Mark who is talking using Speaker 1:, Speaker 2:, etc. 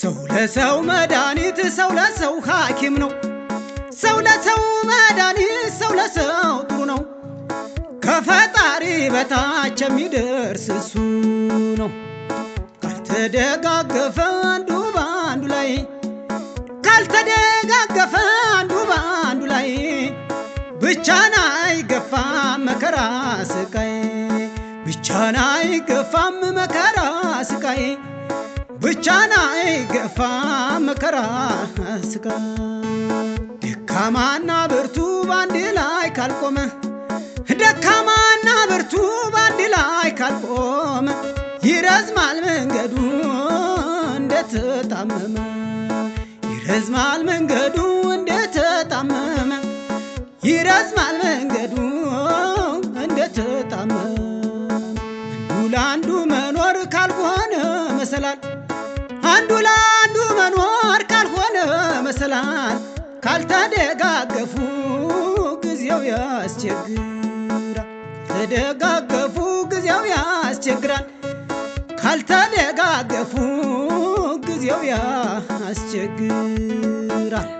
Speaker 1: ሰው ለሰው መድኃኒት ሰው ለሰው ሐኪም ነው። ሰው ለሰው መድኃኒት ሰው ለሰው ጥሩ ነው። ከፈጣሪ በታች የሚደርስ እሱ ነው። ካልተደጋገፈ አንዱ በአንዱ ላይ ካልተደጋገፈ አንዱ በአንዱ ላይ ብቻን አይገፋም መከራ ስቃይ ብቻን አይገፋም መከራ ስቃይ ብቻን ገፋ መከራ ስጋ ደካማና ብርቱ ባንድ ላይ ካልቆመ ደካማና ብርቱ ባንድ ላይ ካልቆመ ይረዝማል መንገዱ እንደተጣመመ ይረዝማል መንገዱ እንደተጣመመ ይረዝማል መንገዱ እንደተጣመመ አንዱ ለአንዱ መኖር ካልሆነ መሰላል አንዱ ለአንዱ መኖር ካልሆነ መሰላል ካልተደጋገፉ ጊዜው ያስቸግራል። ተደጋገፉ ጊዜው ያስቸግራል። ካልተደጋገፉ ጊዜው ያስቸግራል።